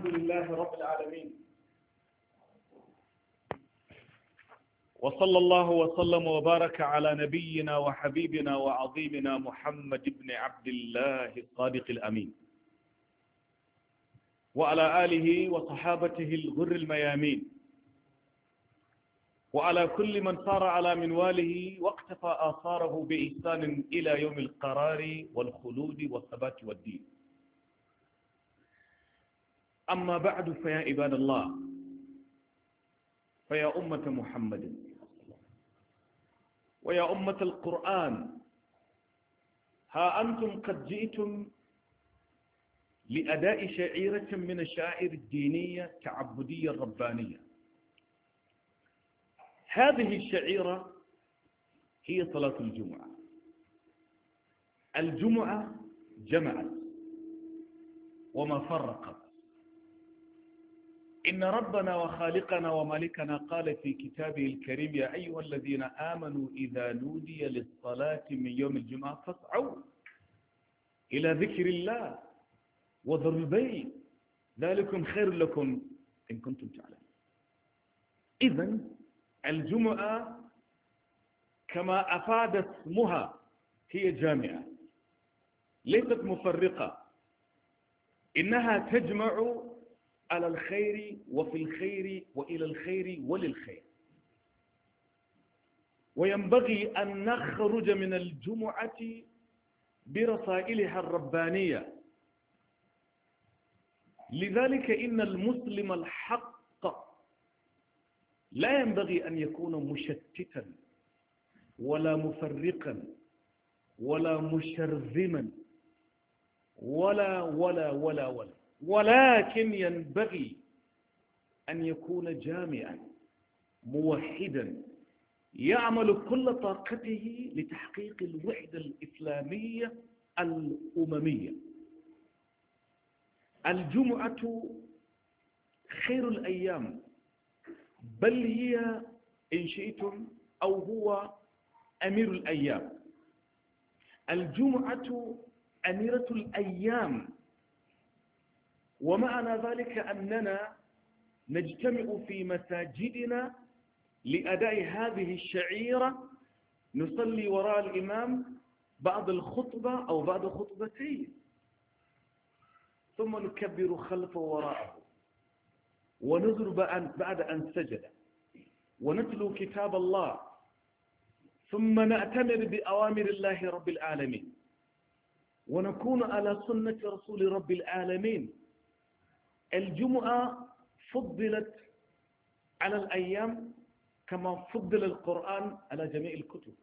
الحمد لله رب العالمين وصلى الله وسلم وبارك على نبينا وحبيبنا وعظيمنا محمد بن عبد الله الصادق الأمين وعلى آله وصحابته الغر الميامين وعلى كل من صار على منواله واقتفى آثاره بإحسان إلى يوم القرار والخلود والثبات والدين أما بعد فيا عباد الله فيا أمة محمد ويا أمة القرآن ها أنتم قد جئتم لأداء شعيرة من الشعائر الدينية التعبدية الربانية هذه الشعيرة هي صلاة الجمعة الجمعة جمعت وما فرقت إن ربنا وخالقنا ومالكنا قال في كتابه الكريم يا أيها الذين آمنوا إذا نودي للصلاة من يوم الجمعة فاسعوا إلى ذكر الله وذر البيت ذلكم خير لكم إن كنتم تعلمون إذا الجمعة كما أفاد اسمها هي جامعة ليست مفرقة إنها تجمع على الخير وفي الخير وإلى الخير وللخير وينبغي أن نخرج من الجمعة برسائلها الربانية لذلك إن المسلم الحق لا ينبغي أن يكون مشتتا ولا مفرقا ولا مشرذما ولا ولا ولا ولا ولكن ينبغي أن يكون جامعا موحدا يعمل كل طاقته لتحقيق الوحدة الإسلامية الأممية الجمعة خير الأيام بل هي إن شئتم أو هو أمير الأيام الجمعة أميرة الأيام ومعنى ذلك أننا نجتمع في مساجدنا لأداء هذه الشعيرة نصلي وراء الإمام بعض الخطبة أو بعض خطبتين ثم نكبر خلفه وراءه ونضرب بعد أن سجد ونتلو كتاب الله ثم نأتمر بأوامر الله رب العالمين ونكون على سنة رسول رب العالمين الجمعة فضلت على الأيام كما فضل القرآن على جميع الكتب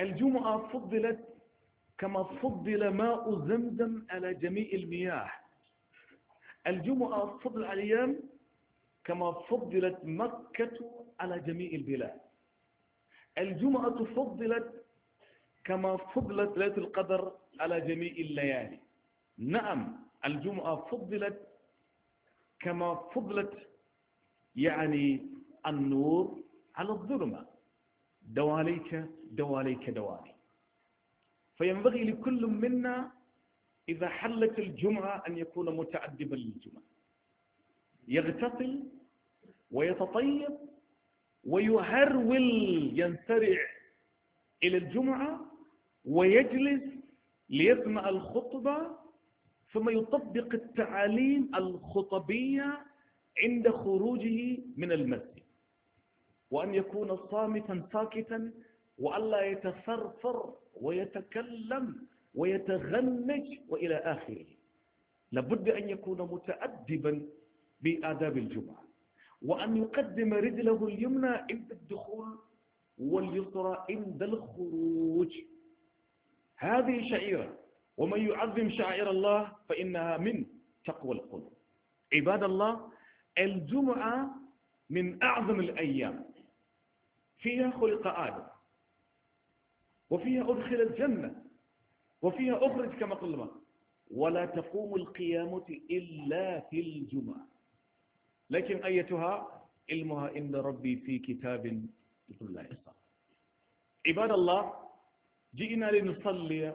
الجمعة فضلت كما فضل ماء زمزم على جميع المياه الجمعة فضل الأيام كما فضلت مكة على جميع البلاد الجمعة فضلت كما فضلت ليلة القدر على جميع الليالي نعم الجمعة فضلت كما فضلت يعني النور على الظلمة دواليك دواليك دوالي فينبغي لكل منا إذا حلت الجمعة أن يكون متعدبا للجمعة يغتسل ويتطيب ويهرول ينسرع إلى الجمعة ويجلس ليسمع الخطبة ثم يطبق التعاليم الخطبية عند خروجه من المسجد وأن يكون صامتا ساكتا وألا يتفرفر ويتكلم ويتغنج وإلى آخره لابد أن يكون متأدبا بآداب الجمعة وأن يقدم رجله اليمنى عند الدخول واليسرى عند الخروج هذه شعيرة ومن يعظم شعائر الله فإنها من تقوى القلوب عباد الله الجمعة من أعظم الأيام فيها خلق آدم وفيها أدخل الجنة وفيها أخرج كما قلنا ولا تقوم القيامة إلا في الجمعة لكن أيتها علمها إن ربي في كتاب لا يصح عباد الله جئنا لنصلي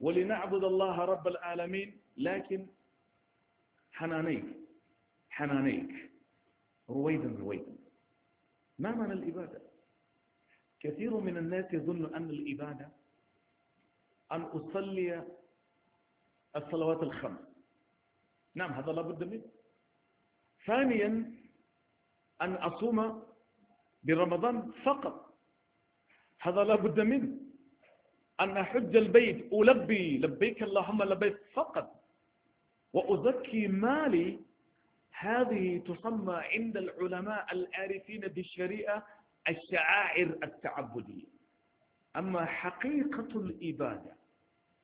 ولنعبد الله رب العالمين لكن حنانيك حنانيك رويدا رويدا ما معنى الإبادة؟ كثير من الناس يظن أن الإبادة أن أصلي الصلوات الخمس نعم هذا لا بد منه ثانيا أن أصوم برمضان فقط هذا لا بد منه أن أحج البيت ألبي لبيك اللهم لبيك فقط وأزكي مالي هذه تسمى عند العلماء العارفين بالشريعة الشعائر التعبدية أما حقيقة الإبادة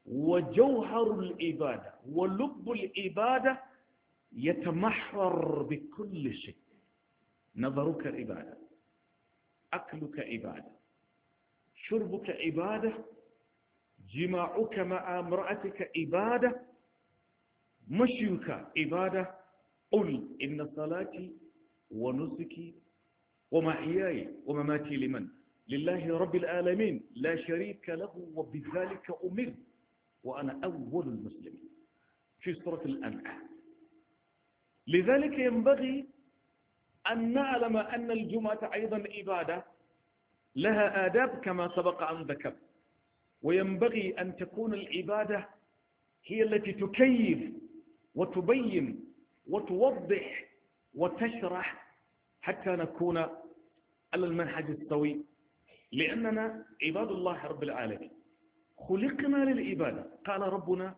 وجوهر الإبادة ولب الإبادة يتمحور بكل شيء نظرك عبادة أكلك عبادة شربك عبادة جماعك مع امرأتك عبادة مشيك عبادة قل إن صلاتي ونسكي ومحياي ومماتي لمن لله رب العالمين لا شريك له وبذلك أمر وأنا أول المسلمين في سورة الأنعام لذلك ينبغي أن نعلم أن الجمعة أيضا عبادة لها آداب كما سبق أن ذكرت وينبغي أن تكون العبادة هي التي تكيف وتبين وتوضح وتشرح حتى نكون على المنهج السوي لأننا عباد الله رب العالمين خلقنا للعبادة قال ربنا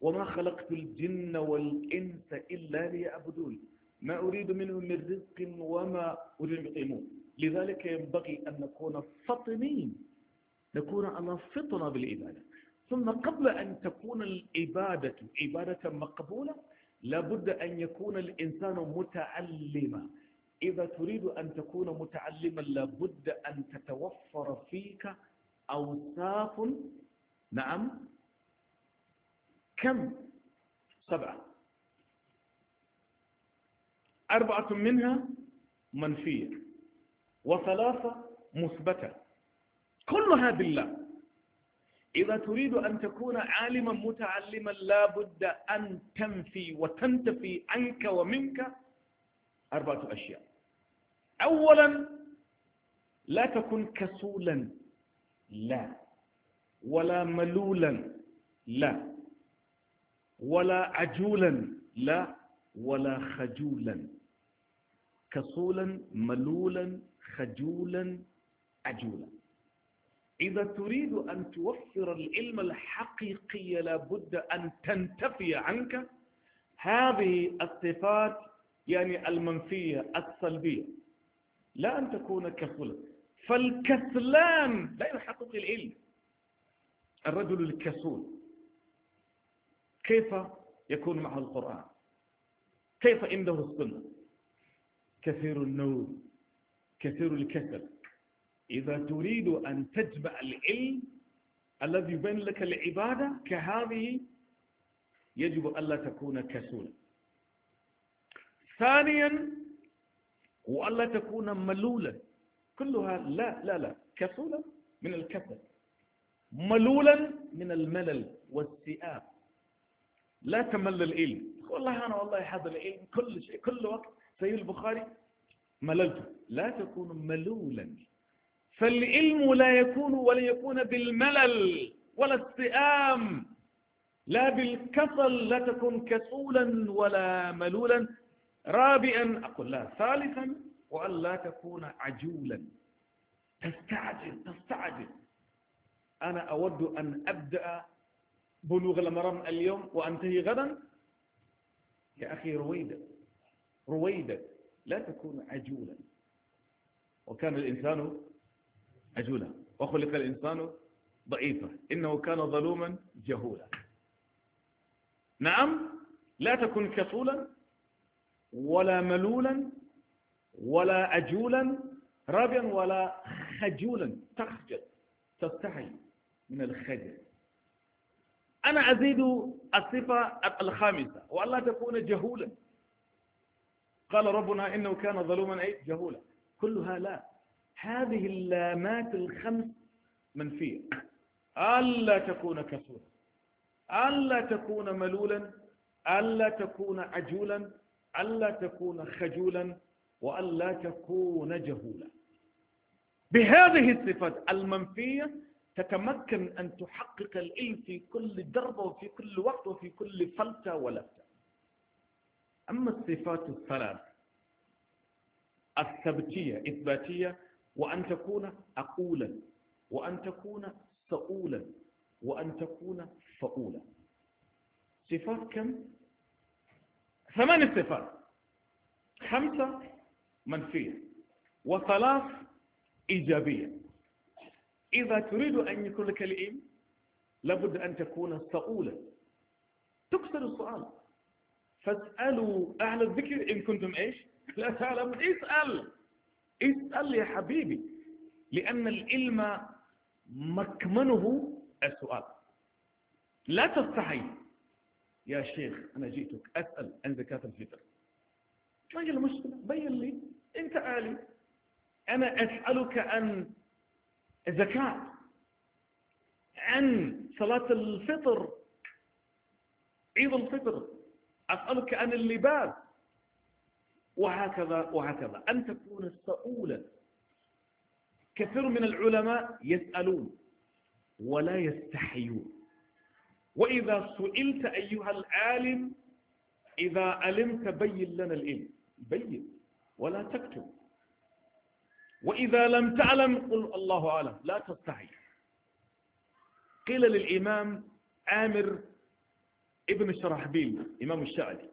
وما خلقت الجن والإنس إلا ليعبدون ما أريد منهم من رزق وما أريد من لذلك ينبغي أن نكون فطنين نكون على فطرة بالعبادة ثم قبل أن تكون العبادة عبادة مقبولة لابد أن يكون الإنسان متعلما إذا تريد أن تكون متعلما لابد أن تتوفر فيك أوصاف نعم كم سبعة أربعة منها منفية وثلاثة مثبتة كلها بالله إذا تريد أن تكون عالما متعلما لا بد أن تنفي وتنتفي عنك ومنك أربعة أشياء أولا لا تكن كسولا لا ولا ملولا لا ولا عجولا لا ولا خجولا كسولا ملولا خجولا عجولا إذا تريد أن توفر العلم الحقيقي لابد أن تنتفي عنك هذه الصفات يعني المنفية السلبية لا أن تكون كسلا فالكسلان لا يحقق العلم الرجل الكسول كيف يكون معه القرآن كيف عنده السنة كثير النوم كثير الكسل إذا تريد أن تجمع العلم الذي يبين لك العبادة كهذه يجب ألا تكون كسولا ثانيا وألا تكون ملولا كلها لا لا لا كسولا من الكسل ملولا من الملل والسئاب لا تمل العلم والله أنا والله هذا العلم كل شيء كل وقت سيد البخاري مللته لا تكون ملولا فالعلم لا يكون ولا يكون بالملل ولا استئام لا بالكسل لا تكن كسولا ولا ملولا رابعا أقول لا ثالثا وأن لا تكون عجولا تستعجل تستعجل أنا أود أن أبدأ بلوغ المرام اليوم وأنتهي غدا يا أخي رويدا رويدا لا تكون عجولا وكان الإنسان عجولا وخلق الإنسان ضعيفا إنه كان ظلوما جهولا نعم لا تكن كسولا ولا ملولا ولا عجولا رابعا ولا خجولا تخجل تستحي من الخجل أنا أزيد الصفة الخامسة وألا تكون جهولا قال ربنا إنه كان ظلوما أي جهولا كلها لا هذه اللامات الخمس منفية ألا تكون كسولا ألا تكون ملولا ألا تكون عجولا ألا تكون خجولا وألا تكون جهولا بهذه الصفات المنفية تتمكن أن تحقق العلم في كل دربة وفي كل وقت وفي كل فلتة ولفتة أما الصفات الثلاث الثبتية إثباتية وأن تكون أقولا وأن تكون ثقولا وأن تكون فقولا صفات كم؟ ثمان صفات خمسة منفية وثلاث إيجابية إذا تريد أن يكون لك الإيم لابد أن تكون ثقولا تكسر السؤال فاسألوا أهل الذكر إن كنتم إيش؟ لا تعلمون اسأل اسأل يا حبيبي لأن العلم مكمنه السؤال لا تستحي يا شيخ أنا جئتك أسأل عن زكاة الفطر ما هي المشكلة بين لي أنت عالي أنا أسألك عن الزكاة عن صلاة الفطر عيد الفطر أسألك عن اللباس وهكذا وهكذا أن تكون السؤولة كثير من العلماء يسألون ولا يستحيون وإذا سئلت أيها العالم إذا علمت بين لنا العلم بين ولا تكتب وإذا لم تعلم قل الله أعلم لا تستحي قيل للإمام عامر ابن شرحبيل إمام الشعبي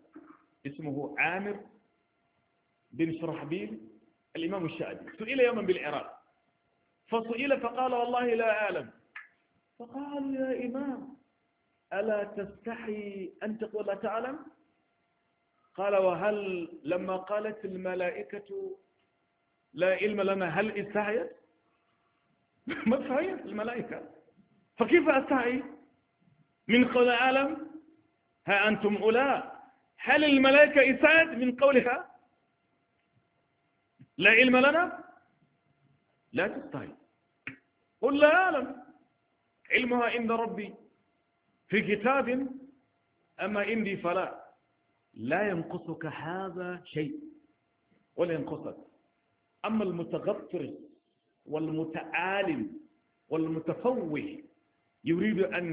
اسمه عامر بن شرحبيل الإمام الشعبي سئل يوما بالعراق فسئل فقال والله لا أعلم فقال يا إمام ألا تستحي أن تقول لا تعلم قال وهل لما قالت الملائكة لا علم لنا هل استحيت ما استحيت الملائكة فكيف أستحي من قول أعلم ها أنتم أولى هل الملائكة استحيت من قولها لا علم لنا لا تستهل قل لا أعلم علمها عند ربي في كتاب أما عندي فلا لا ينقصك هذا شيء ولا ينقصك أما المتغطرس والمتعالم والمتفوه يريد أن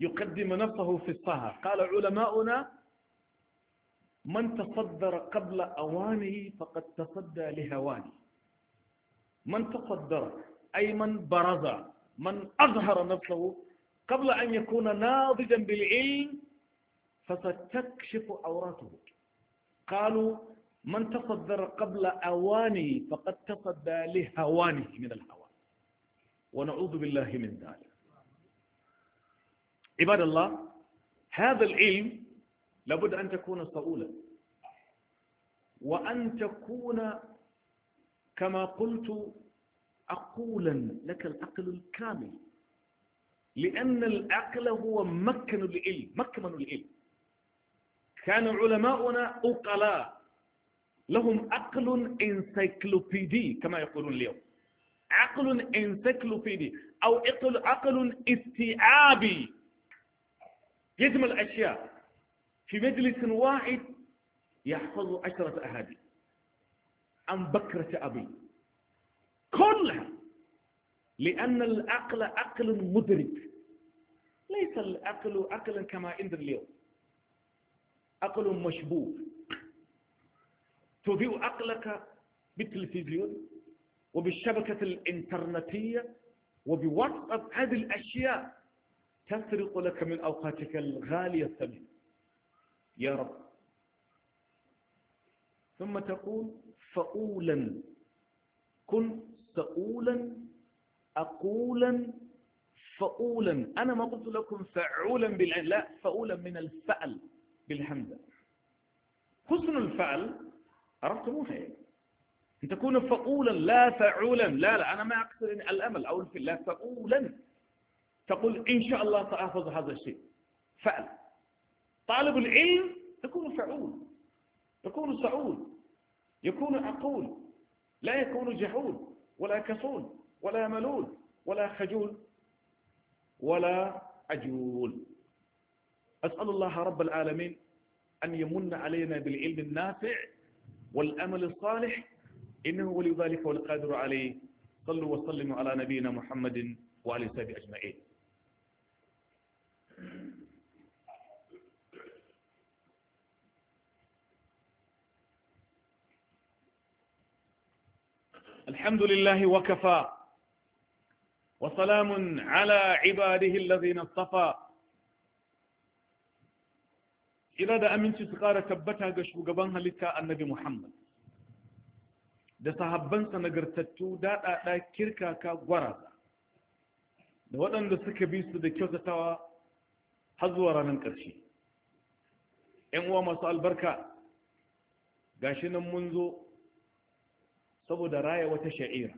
يقدم نفسه في الصهر قال علماؤنا من تصدر قبل أوانه فقد تصدى لهوانه من تصدر أي من برز من أظهر نفسه قبل أن يكون ناضجا بالعلم فستكشف عوراته قالوا من تصدر قبل أوانه فقد تصدى لهوانه من الهوان ونعوذ بالله من ذلك عباد الله هذا العلم لابد أن تكون صؤولا وأن تكون كما قلت عقولا لك العقل الكامل لأن العقل هو مكن العلم مكمن العلم كان علماؤنا أقلاء لهم عقل انسيكلوبيدي كما يقولون اليوم عقل انسيكلوبيدي أو عقل استيعابي يجمع الأشياء في مجلس واحد يحفظ عشرة أحاديث عن بكرة أبي كلها لأن العقل عقل مدرك ليس العقل عقلا كما عند اليوم عقل مشبوه تضيء عقلك بالتلفزيون وبالشبكة الإنترنتية وبواتساب هذه الأشياء تسرق لك من أوقاتك الغالية الثمينة يا رب ثم تقول فأولا كن سؤولا أقولا فأولا أنا ما قلت لكم فعولا بالعين لا فأولا من الفعل بالهمزة حسن الفعل عرفتموها يعني إيه؟ أن تكون فأولا لا فعولا لا لا أنا ما أقصد الأمل أو الفعل لا فأولا تقول إن شاء الله سأحفظ هذا الشيء فعل طالب العلم يكون فعول يكون سعول يكون عقول لا يكون جحول ولا كسول ولا ملول ولا خجول ولا عجول أسأل الله رب العالمين أن يمن علينا بالعلم النافع والأمل الصالح إنه ولي ذلك والقادر عليه صلوا وسلموا على نبينا محمد وعلى سبيل أجمعين الحمد لله وكفى وسلام على عباده الذين اصطفى إذا دا أمين تتقار تبتها قشب قبانها لتا النبي محمد دا صحبان سنقر تتو دا دا دا كيركا كا ورادا دا ودن دا سكة دا كيوتا توا حزورا من كرشي إن هو مسؤال بركة قاشنا منذ saboda raya wata sha'ira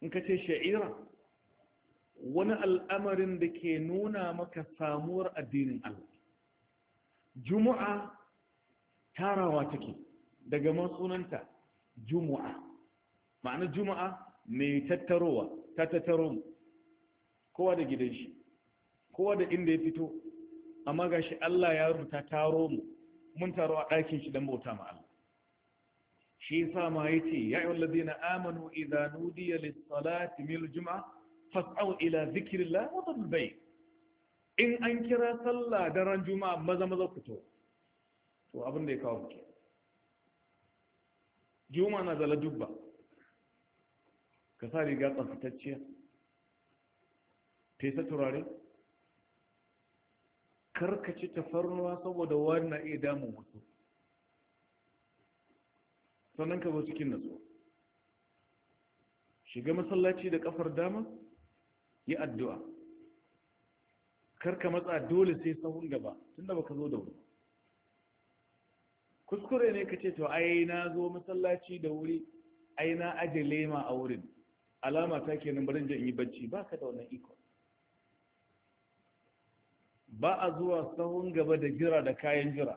in ka ce sha'ira wani al'amarin da ke nuna maka samuwar addinin Allah juma'a tarawa take daga matsunanta juma'a ma'ana juma'a mai tattarowa ta tattaro kowa da gidan shi kowa da inda ya fito amma gashi Allah ya rubuta taro mu mun taro a ɗakin shi don bauta ma shi yasa ma yace ya ayyuhal ladina amanu idza nudiya lis salati min al jum'a fas'au ila dhikrillah wa dhul bay in an kira sallah daren juma'a maza maza ku to to abin da ya kawo muke juma'a na zala dubba ka sa riga tsaftatacciya fesa turare karkace tafarnuwa saboda wani na iya damun wasu sannan ka zo cikin natsuwa shiga masallaci da kafar dama yi addu'a karka matsa dole sai sahun gaba tunda baka zo da wuri kuskure ne ka ce to ai na zo masallaci da wuri ai na aje lema a wurin alama ta kenan barin je in yi bacci baka da wannan iko ba a zuwa sahun gaba da jira da kayan jira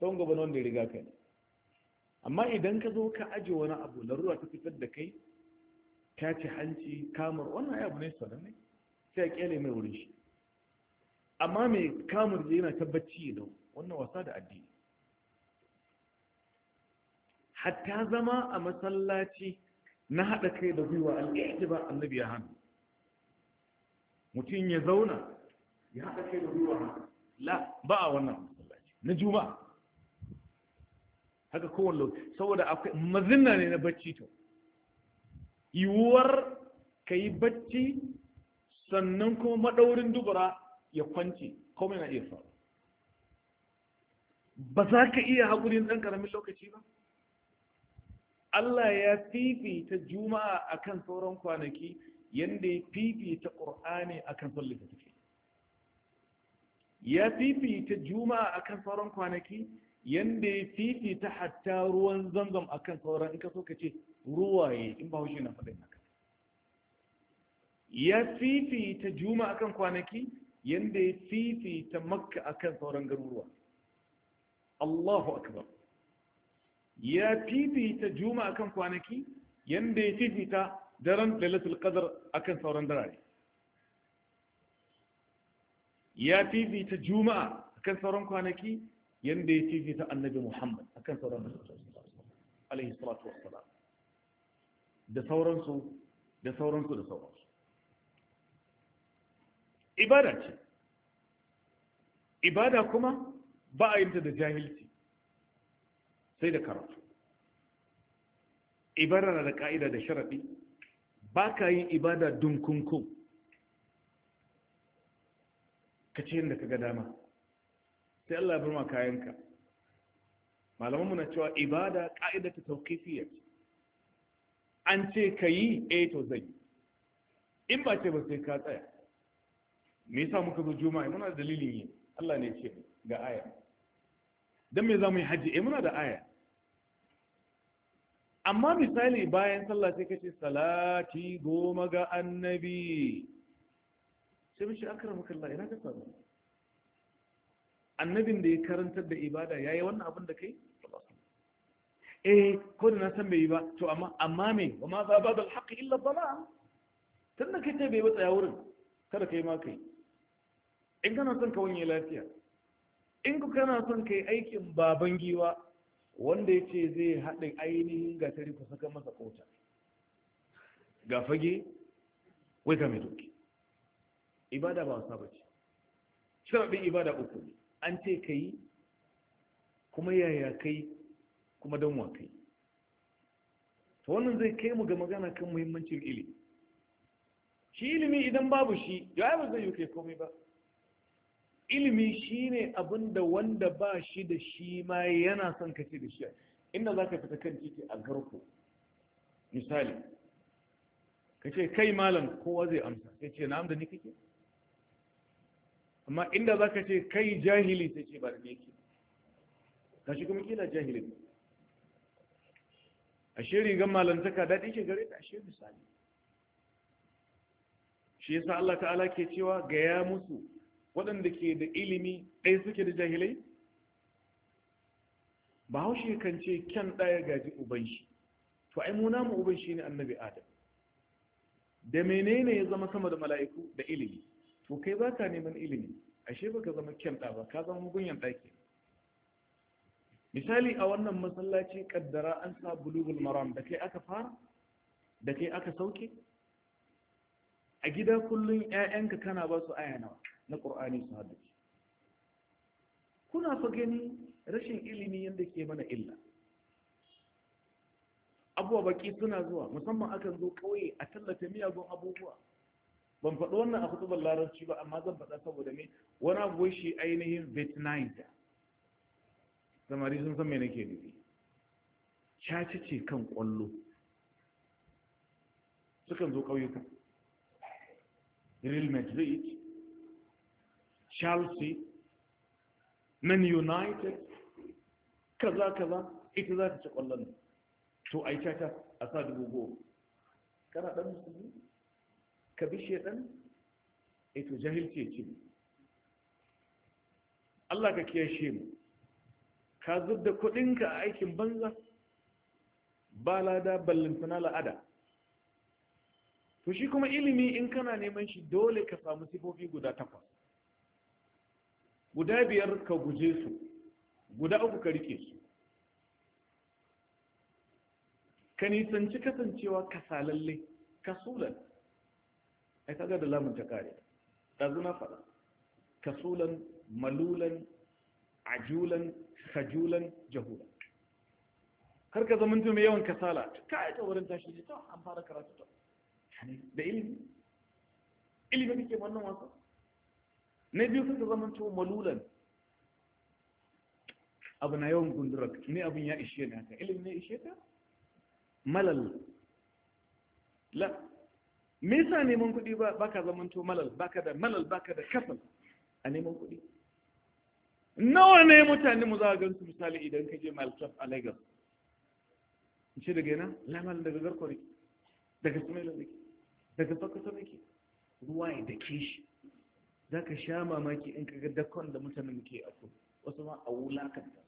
sahun gaba na wanda ya riga kai amma idan ka zo ka aje wani abu larura ta fitar da kai ta ci hanci kamar wannan abu ne sananne sai a kyale mai wurin shi amma mai kamar da yana tabbaci da wannan wasa da addini hatta zama a masallaci na haɗa kai da gwiwa al'ihti ba annabi ya hannu mutum ya zauna ya haɗa kai da gwiwa la ba a wannan masallaci na juma'a haka kowane lokaci saboda akwai mazina ne na bacci to yiwuwar ka yi bacci sannan kuma maɗaurin dubura ya kwanci komai na iya faru ba za ka iya haƙurin ɗan ƙaramin lokaci ba Allah ya fifita juma'a akan sauran kwanaki yadda ya fifita ƙur'ani akan son littattafai ya fifita juma'a akan sauran kwanaki yanda ya fifita hatta ruwan zamzam akan sauran in ka so ka ce ruwaye in ba haushe na faɗin haka ya fifita juma akan kwanaki yanda ya fifita makka akan sauran garuruwa Allahu akbar ya fifita juma akan kwanaki yanda ya fifita daren lailatul qadr akan sauran darare ya fifita juma'a akan sauran kwanaki yanda ya fifita annabi Muhammad a kan sauran alaihi salatu wassalam da sauransu da sauransu da sauransu ibada ce ibada kuma ba a yinta da jahilci sai da karatu ibada na da ka'ida da sharaɗi ba ka yi ibada dunkunkun ka ce yadda ka ga dama sai Allah ya burma kayanka malaman mu na cewa ibada ka'ida ta tawqifiyya an ce yi. a eh to zai in ba ce ba sai ka tsaya me yasa muka zo juma'a muna da dalilin yi Allah ne ce ga aya dan me zamu yi haji eh muna da aya amma misali bayan sallah sai kace salati goma ga annabi sai mishi akramaka Allah ina ka samu annabin da ya karantar da ibada ya yi wannan abin da kai eh ko da na san bai yi ba to amma amma me wa ma za ba da alhaqi illa dhalal tun da kai ta bai tsaya wurin kada kai ma kai in kana son ka wanye lafiya in ku kana son kai aikin baban giwa wanda ya ce zai haɗa ainihin gatari ku saka masa kota ga fage wai ka mai doki ibada ba wasa ba ce shi ibada uku ne an ce ka yi kuma yaya kai kuma don wa kai ta wannan zai kai mu ga magana kan muhimmancin ilimi shi ilimi idan babu shi ya ba zai yi ke komai ba ilimi shi ne abin wanda ba shi da shi ma yana son ka ce da shi inda za ka fita kan titi a garko misali ka ce kai malam kowa zai amsa ya ce na'am da ni kake amma inda za ka ce kai jahili sai ce ba da ne ke ta shi kuma kila jahili ne a shi rigar malantaka daɗi ke gare ta a shi misali shi yasa Allah ta'ala ke cewa ga ya musu waɗanda ke da ilimi ɗaya suke da jahilai bahaushe kan ce kyan ɗaya gaji uban shi to ai mu namu uban shi ne annabi adam da menene ya zama sama da mala'iku da ilimi to kai ba ka neman ilimi ashe ba ka zama kyanta ba ka zama gunyan ɗaki misali a wannan masallaci ƙaddara an sa bulugul maram da kai aka fara da kai aka sauke a gida kullum 'ya'yanka kana ba su aya nawa na ƙur'ani su haɗu kuna fa gani rashin ilimi yadda ke mana illa abuwa baki suna zuwa musamman akan zo kawai a tallata miyagun abubuwa ban faɗi wannan a kutubar larabci ba amma zan faɗa saboda me wani abu shi ainihin vietnamita samari sun san me nake nufi caci ce kan ƙwallo sukan zo ƙauyuka real madrid chelsea man united kaza kaza ita za ta ci ƙwallon to aikata caca a sa dubu goma kana ɗan musulmi ka bi eh to ito jahilce ce Allah ka kiyashe mu ka zubda kudinka a aikin banza ba lada ballantana la'ada to shi kuma ilimi in kana neman shi dole ka samu sifofi guda takwas guda biyar ka guje su guda uku ka rike su ka nisanci kasancewa kasalalle kasulalle ai kaga da lamun ta kare ɗazu na faɗa kasulan malulan ajulan khajulan jahula kar ka zama mutum yawan kasala ka yi tsawarin tashi ne to an fara karatu to da ilimi ilimi ke wannan wasa na biyu ka zama to malulan abu na yawan gundurar ne abin ya ishe ne haka ilimi ne ishe ka malal la me yasa neman kuɗi ba baka to malal baka da malal baka da kasal a neman kuɗi nawa ne mutane mu za a gansu misali idan ka je maltraf a lagos in ce daga yana lamal daga garkwari daga sumaila zaki daga sokoto zaki ruwa ya ke shi za ka sha mamaki in ka ga dakon da mutane muke a kudu wasu ma a wulakanta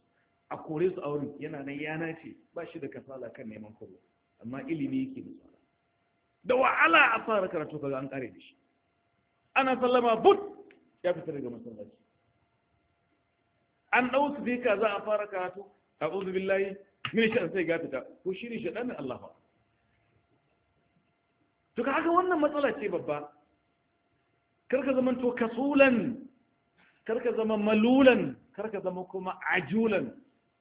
a kore su a wurin yana nan yana ce ba shi da kasala kan neman kuɗi amma ilimi yake musa da wahala a fara karatu kaga an kare da shi ana sallama but ya fita daga masallaci an dau su dika za a fara karatu a'udhu billahi min shar sai ga fita ko shi ne shaɗanin Allah ba to kaga wannan matsala ce babba karka zaman to kasulan karka zama malulan karka zama kuma ajulan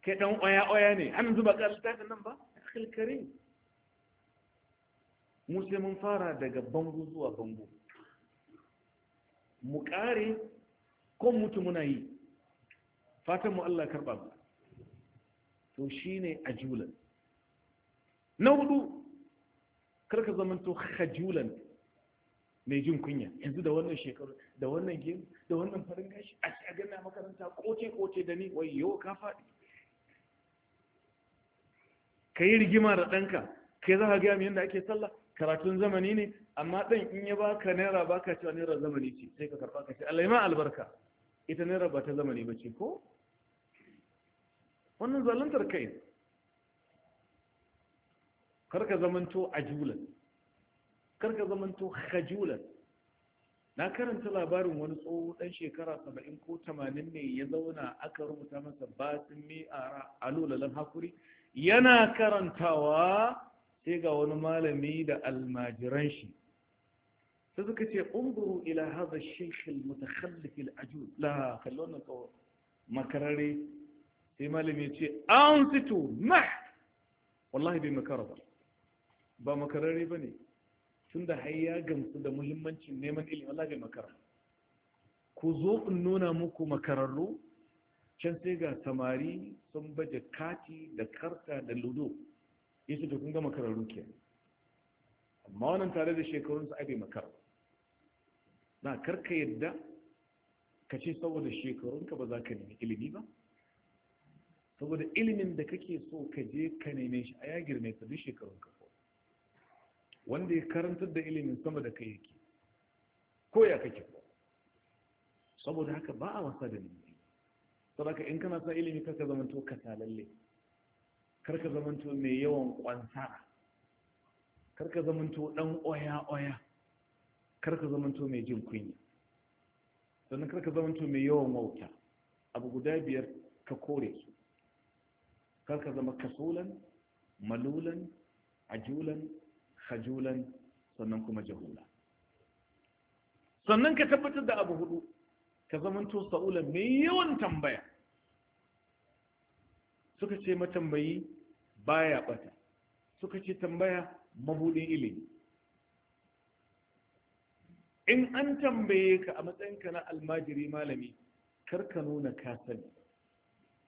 kai dan oya oya ne an zuba ka littafin nan ba akhil karim mu sai mun fara daga bango zuwa bango mu kare ko mutu muna yi fatan mu Allah karba ba to shine ajulan na hudu karka zamanto khajulan mai jin kunya yanzu da wannan shekaru da wannan gemu da wannan farin gashi a ci a ganna makaranta koce koce da ni wayo ka faɗi ka yi rigima da ɗanka kai za ka gaya mu yadda ake sallah karatun zamani ne amma dan in ya baka naira baka cewa naira zamani ce sai ka karba ka ce Allah ma albarka ita naira ba ta zamani ba ce ko wannan zaluntar kai karka zamanto ajulan karka zamanto khajulan na karanta labarin wani tsoho dan shekara 70 ko 80 ne ya zauna aka rubuta masa batin mi'ara alulalan hakuri yana karantawa sai ga wani malami da almajiran shi sai suka ce umburu ila haza shaykh al-mutakhallif la kallon ko makarare sai malami ce an ansitu ma wallahi bai makara ba ba makarare bane tunda har ya gamsu da muhimmancin neman ilimi wallahi bai makara ku zo in nuna muku makararru can sai ga samari sun baje kati da karta da ludo yace to kun ga makarar rukiya amma wannan tare da shekarun sa bai makar na karka yadda ka ce saboda shekarunka ba za ka nemi ilimi ba saboda ilimin da kake so ka je ka neme shi a ya girme ka duk ko. wanda ya karantar da ilimin sama da kai yake ko ya kake ko saboda haka ba a wasa da nemi saboda in kana sa ilimi kaka zama to ka talalle karka zamanto mai yawan kwansara karka zamanto dan oya-oya karka zamanto mai jin kunya sannan karka zamanto mai yawan wauta abu guda biyar ka kore su karka zama kasulan malulan ajulan hajulan sannan kuma jahula sannan ka tabbatar da abu hudu ka zamanto sa'ulan mai yawan tambaya suka ce matambayi baya bata suka ce tambaya mabudin ilimi in an tambaye ka a matsayinka na almajiri malami kar ka nuna kasani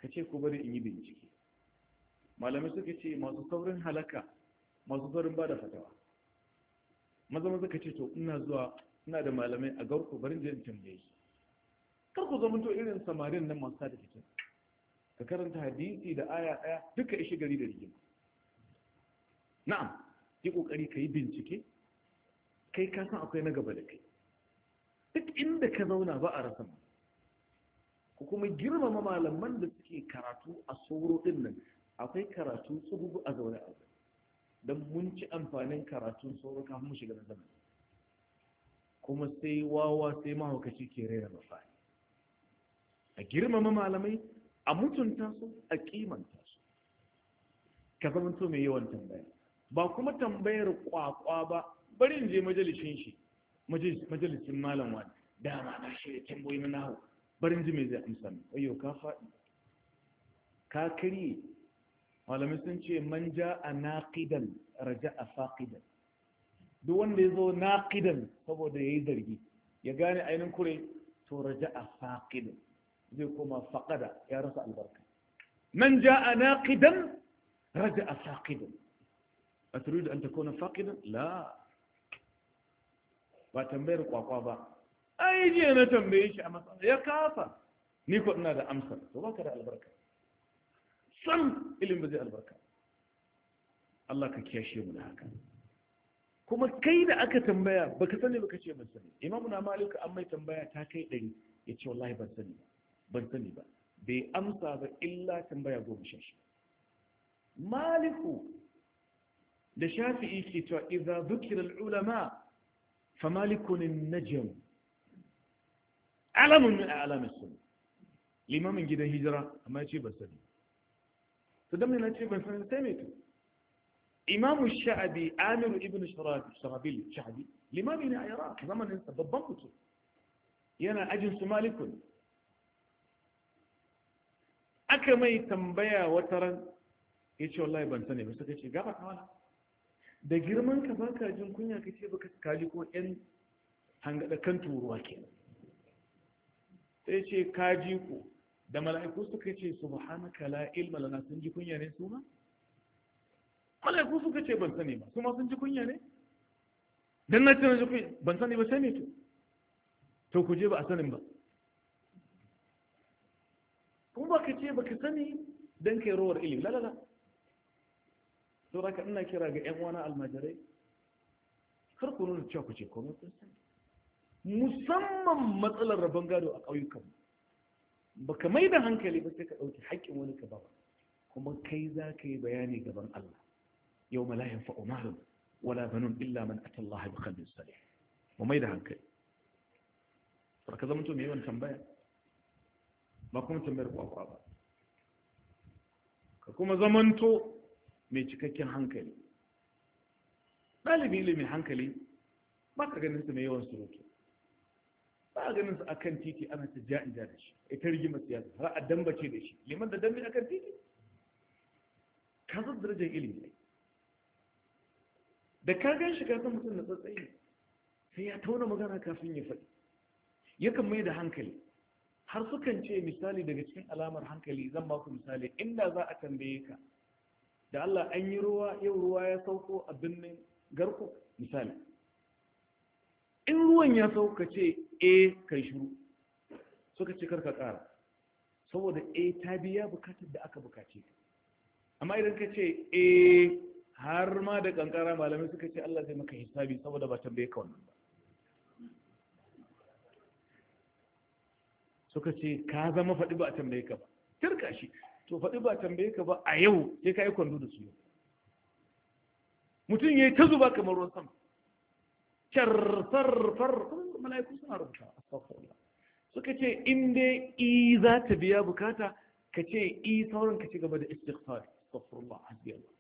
ka ce ku bari in yi bincike malamai suka ce masu saurin halaka masu saurin ba da fatawa maza maza ka ce to ina zuwa ina da malamai a garku barin je in tambaye kar ku zama to irin samarin nan masu da fitin ka karanta hadisi da aya daya duka ishi gari da rigima na'am yi kokari ka yi bincike kai ka san akwai na gaba da kai duk inda ka zauna ba a rasa ku kuma girmama malaman da suke karatu a sauro din nan akwai karatu tsububu a zaune a zaune don mun ci amfanin karatu sauro kafin mu shiga na zamani kuma sai wawa sai mahaukaci ke rera mafani a girmama malamai a mutunta su a kimanta su ka zamanto mai yawan tambaya ba kuma tambayar kwakwa ba bari in je majalishin shi majalishin malam wani dama na shi da tamboyi na nahu bari in ji mai zai amsa mai ayyo ka faɗi ka karye malamai sun ce man ja a naƙidan raja a faƙidan duk wanda ya zo naƙidan saboda ya yi zargi ya gane ainihin kure to raja a faƙidan ذكما فقد يا رزق البركة من جاء ناقدا رجع فاقدا أتريد أن تكون فاقدا لا وتنبير قوابا أي جي أنا تنبيش يا كافة نيكو أنا ذا أمسر وذكر البركة صم اللي مزيع البركة الله كيشي من هكا كما كيد أكا تنبيا بكثني بكشي من سنة إمامنا مالك أمي تنبيا تاكي دين يتشو الله بسنة ban sani ba bai amsa ba illa tambaya goma sha shi maliku da shafi'i ke cewa idza dhukira al-ulama fa malikun an-najm alamun min a'lam as-sunnah limamin gidan hijira amma ya ce ban sani to dan na ce ban sani sai me to imam sha'abi amir ibn sharabi sharabi sha'abi limamin a iraq zamanin sa babban mutum yana ajin su malikun aka mai tambaya wata ran ya ce wallahi ban sani ba suka ce gaba wala. da girman ka ba ka jin kunya ka ce baka kaji ko yan kan turuwa ke sai ce kaji ku da mala'iku suka ce subhanaka la ilma lana sun ji kunya ne su ma mala'iku suka ce ban sani ba su ma sun ji kunya ne dan na ce ban sani ba sai ne to to ku je ba a sanin ba kuma ba ka ce ba ka sani don kai rawar ilimi lalala saboda raka ina kira ga yan wani almajirai farko ku nuna cewa ku ce komai kun sani musamman matsalar rabon gado a ƙauyukan ba ka mai da hankali ba sai ka ɗauki haƙƙin wani ka ba kuma kai za ka yi bayani gaban Allah yau ma la yanfa umarun wala banun illa man ata Allah bi qalbin salih mu mai da hankali ba ka zama to mai yawan tambaya ba kuma tambayar kwakwa ba ka kuma zamanto mai cikakken hankali ɗalibi ilimin hankali ba ka ganin su mai yawan surutu ba a ganin su akan titi ana ta ja ja da shi ita rigima siyasa har a dambace da shi liman da dambe akan titi ka zan darajar ilimi ne da ka gan shi ka san mutum na tsatsayi sai ya tauna magana kafin ya faɗi yakan mai da hankali har sukan ce misali daga cikin alamar hankali zan ku misali inda za a tambaye ka da Allah an yi ruwa yau ruwa ya sauko a birnin garko misali in ruwan ya sauka ce a eh, kai shiru suka ce karka kara saboda A eh, ta biya bukatar da aka bukace amma idan ka ce A eh, har ma da kankara malamai suka ce Allah zai maka hisabi saboda ba tambaye ka wannan ba suka ce ka zama faɗi ba a tambaye ka ba turka shi to faɗi ba a tambaye ka ba a yau ya ka yi kwando da su yau mutum ya yi ta zuba kamar ruwan sama carfarfar mala'iku suna rubuta astaghfirullah suka ce in dai i za ta biya bukata ka ce i sauran ka ci gaba da istighfar astaghfirullah hasbiyallah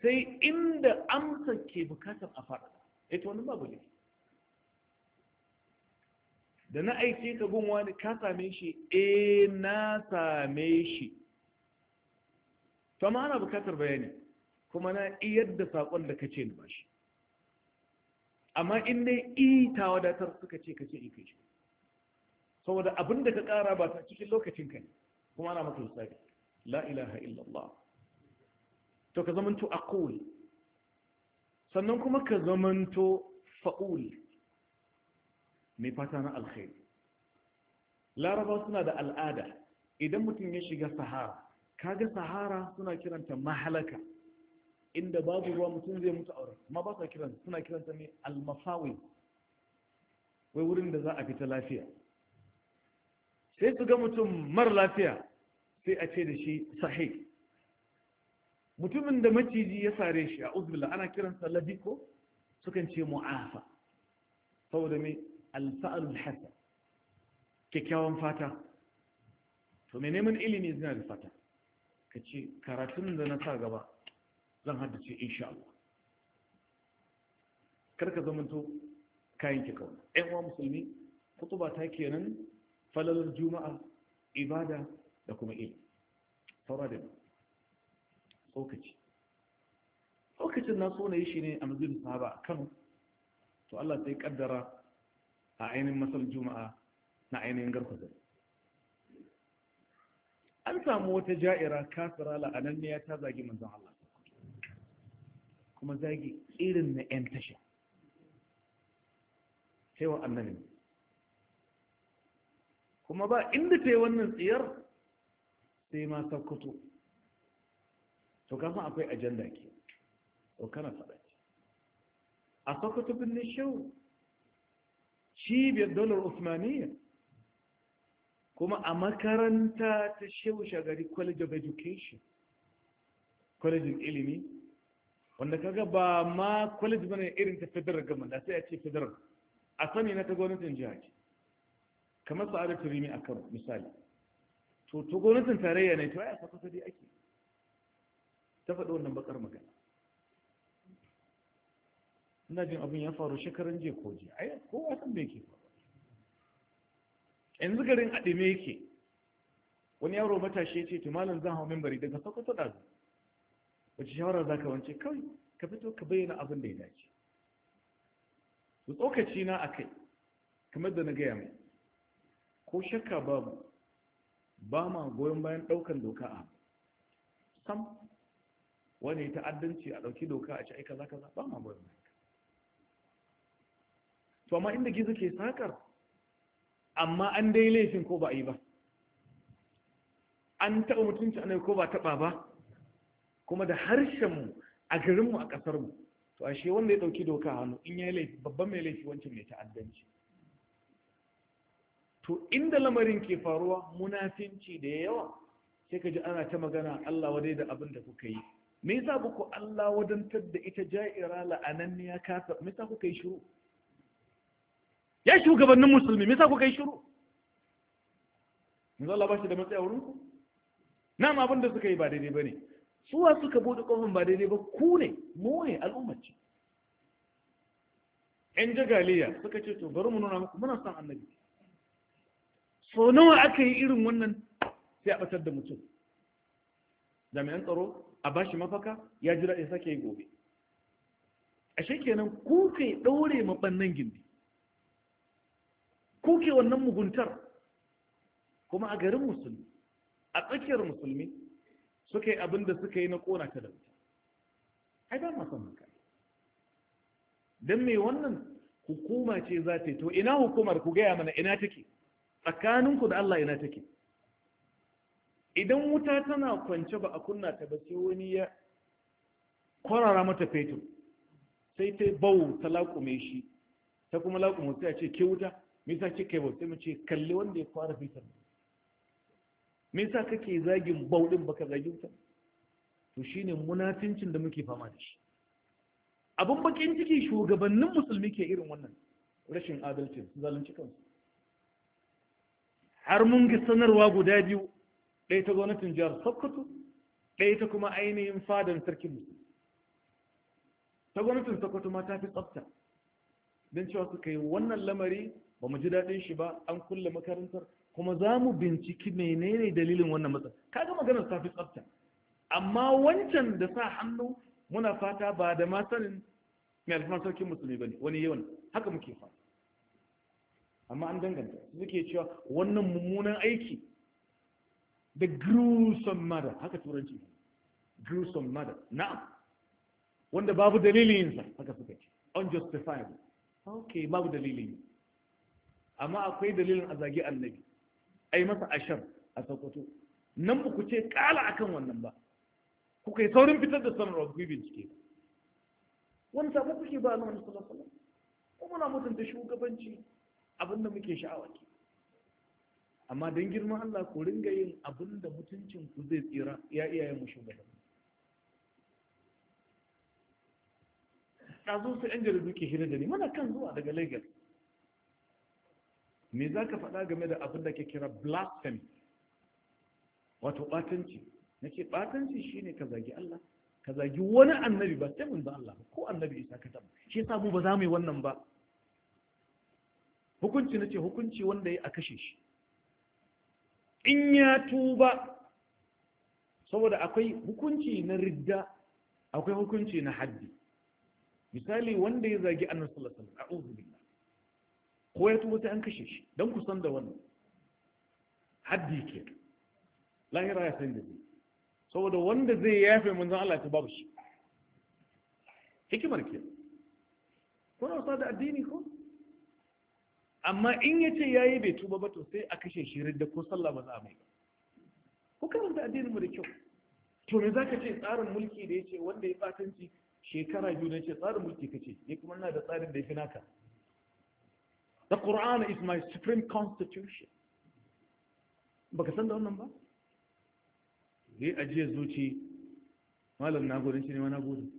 sai inda amsa ke bukatar a faɗa ita eh, wani babu ne da na aike ka gun wani ka same shi eh na same shi to amma ana bukatar bayani kuma na iyar da sakon da kace ni shi. amma in dai ta wadatar suka ce kace ike shi saboda abin da ka kara ba ta cikin lokacin ka ne kuma ana maka lissafi la ilaha illallah to ka zamanto aqul sannan kuma ka zamanto fa'ul mai fata na alkhairi laraba suna da al'ada idan mutum ya shiga sahara kaga sahara suna kiranta mahalaka inda babu ruwa mutum zai mutu aure amma ba su kiran suna kiranta ne almasawi wai wurin da za a fita lafiya sai su ga mutum mara lafiya sai a ce da shi sahi mutumin da maciji ya sare shi a uzbila ana kiransa labiko sukan ce mu'afa saboda mai alfa'alul hasa kyakkyawan fata to mai neman ilimi zina da fata ka ce karatun da na sa gaba zan haddace insha Allah karka zamanto kayan ki kawai ɗan uwa musulmi kutuba ta kenan falalar juma'a ibada da kuma ilimi saura da tsokaci tsokacin na so na yi shi ne a mazin sahaba a kano to Allah sai kaddara a ainihin masal juma'a na ainihin garkwazo an samu wata ja'ira kafira la'ananniya ta zagi manzon Allah kuma zagi irin na 'yan tasha sai wa annanin. kuma ba inda ta yi wannan tsiyar sai ma sakkuto to kama akwai ajanda ke to kana faɗa a sakkuto bin ne cibiyar daular Usmaniyya, kuma a makaranta ta shehu gari college of education kwalejin ilimi wanda kaga ba ma college bane irin ta federal government da sai a ce federal a sani na ta gwamnatin jiha ce kamar sa'adar turimi a kan misali to ta gwamnatin tarayya ne to ya sa kusa dai ake ta faɗi wannan bakar magana ina jin abin ya faru shekarun je koji ai kowa san me yanzu garin adime yake wani yaro matashi ya ce to malam zan hau membari daga sokoto da zu wace shawara zaka wance kawai ka fito ka bayyana abin da ya dace su tsokaci na kai, kamar da na gaya mai ko shakka babu ba ma goyon bayan ɗaukan doka a sam wani ta'addanci a ɗauki doka a ci aika za ka ba ma goyon bayan to amma inda gizo ke sakar amma an dai laifin ko ba a yi ba an taɓa mutunci ana ko ba taɓa ba kuma da harshen mu a garinmu a ƙasarmu to ashe wanda ya ɗauki doka hannu in ya laifi babban mai laifi wancan mai ta'addanci to inda lamarin ke faruwa munafinci da yawa sai ka ji ana ta magana Allah wadai da abin da kuka yi me yasa ku Allah wadantar da ita ja'ira la'ananniya kafir me yasa kuka yi shiru ya shugabannin musulmi me yasa kuka yi shiru yanzu Allah ba shi da matsayi a wurin ku nan abin da suka yi ba daidai bane suwa suka bude kofin ba daidai ba ku ne mu ne al'ummaci? yan jagaliya suka ce to bari mu nuna muku muna son annabi so nawa aka yi irin wannan sai a batar da mutum jami'an tsaro a bashi mafaka ya jira ya sake yi gobe ashe kenan ku kai daure mabannan gindi kuke wannan muguntar kuma a garin musulmi a tsakiyar musulmi suka yi abin da suka yi na kona ta da ai ba ma san haka don me wannan hukuma ce za ta yi to ina hukumar ku gaya mana ina take tsakaninku da Allah ina take idan wuta tana kwance ba a kunna ta ba sai wani ya kwarara mata fetur sai ta bau ta laƙume shi ta kuma laƙume ta ce ke wuta me yasa kike bau sai mu ce kalli wanda ya fara fitar me yasa kake zagin bau din baka zagin sa to shine munafincin da muke fama da shi abun bakin ciki shugabannin musulmi ke irin wannan rashin adalcin zalunci kansu har mun ga sanarwa guda biyu ɗaya ta gwamnatin jihar sokoto ɗaya ta kuma ainihin fadan sarkin musulmi ta gwamnatin sokoto ma ta fi tsafta don cewa suka yi wannan lamari ba mu ji daɗin shi ba an kulle makarantar kuma za mu binciki menene dalilin wannan matsala kaga maganar ta fi tsafta amma wancan da sa hannu muna fata ba da ma sanin mai alfahar sarkin musulmi ba ne wani yawan haka muke fata amma an danganta suke cewa wannan mummunan aiki da gruesome murder haka turanci gruesome murder na'am wanda babu dalilinsa haka suka ce unjustifiable okay babu dalilin amma akwai dalilin a zagi annabi ai masa ashar a sakwato nan ba ku ce kala akan wannan ba ku kai saurin fitar da sanarwa ku bincike wani sabo kuke ba na wani sallallahu ko muna mutunta shugabanci abinda muke sha'awa ke amma don girman Allah ku ringa yin abinda mutuncin ku zai tsira ya iyayen mu shugabanci ɗazu su yan jaridu ke hira da ni mana kan zuwa daga lagos me za ka faɗa game da abin da ke kira blasphemy wato ɓatanci na ce ɓatanci shi ne ka zagi Allah ka zagi wani annabi ba sai mun ba Allah ko annabi isa ka tabu shi sabu mu ba za mu yi wannan ba hukunci na ce hukunci wanda ya a kashe shi in ya tuba saboda akwai hukunci na ridda akwai hukunci na haddi misali wanda ya zagi annabi sallallahu alaihi wasallam a'udhu billah ko ya tuba sai an kashe shi don ku san da wannan haddi ke lahira ya san da zai saboda wanda zai yafe manzon Allah ta babu shi hikimar ke kuna wasa da addini ko amma in ya ce ya yi bai tuba ba to sai a kashe shi da ko sallah ba za a mai ba ko karanta addinin mu da kyau to me za ka ce tsarin mulki da ya ce wanda ya fatanci shekara biyu na ce tsarin mulki ka ce ni kuma na da tsarin da ya fi naka The Quran is my supreme constitution. Baka san da wannan ba? Yi ajiye zuci, malam na gudun shi ne wani gudun.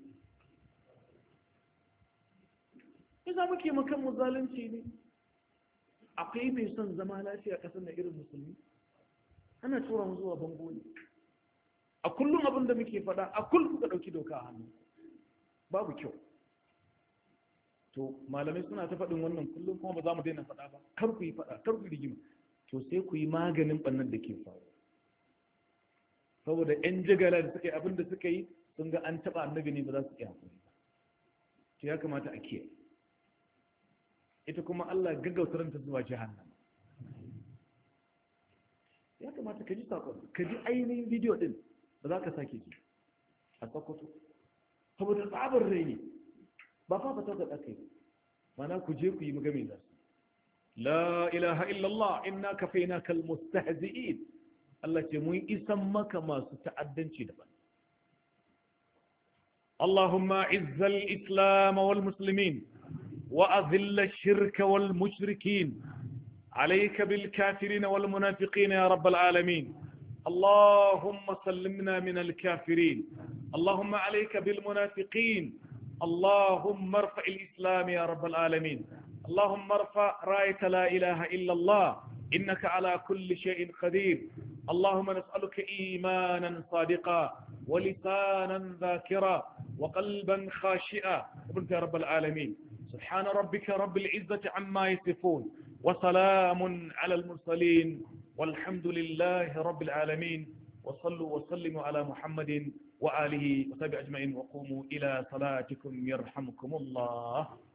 Iza muke makan zalunci ne, akwai mai son zama lafiya kasan da irin musulmi? Ana tura mu zuwa bango ne. A kullum abin da muke faɗa, a kullum ka ɗauki doka a hannu. Babu kyau. to malamai suna ta faɗin wannan kullum kuma ba za mu daina faɗa ba kar ku yi faɗa kar ku yi rigima to sai ku yi maganin ɓannan da ke faru saboda yan jigala da suka yi abin da suka yi sun ga an taɓa annabi ne ba za su iya hakuri ba to ya kamata a kiyaye ita kuma Allah gaggautar ta zuwa jahannama ya kamata ka ji sakon ka ji ainihin bidiyo din ba za ka sake ji a sakwato saboda tsabar rai ne ba fa fata da aka yi mana ku je ku yi mu game da la ilaha illallah inna kafainaka Allah ce mun isan maka masu ta'addanci اللهم اعز الاسلام والمسلمين واذل الشرك والمشركين عليك بالكافرين والمنافقين يا رب العالمين اللهم سلمنا من الكافرين اللهم عليك بالمنافقين اللهم ارفع الإسلام يا رب العالمين اللهم ارفع راية لا إله إلا الله إنك على كل شيء قدير اللهم نسألك إيمانا صادقا ولسانا ذاكرا وقلبا خاشئا قلت يا رب العالمين سبحان ربك رب العزة عما يصفون وسلام على المرسلين والحمد لله رب العالمين وصلوا وسلموا على محمد وآله وصحبه أجمعين وقوموا إلى صلاتكم يرحمكم الله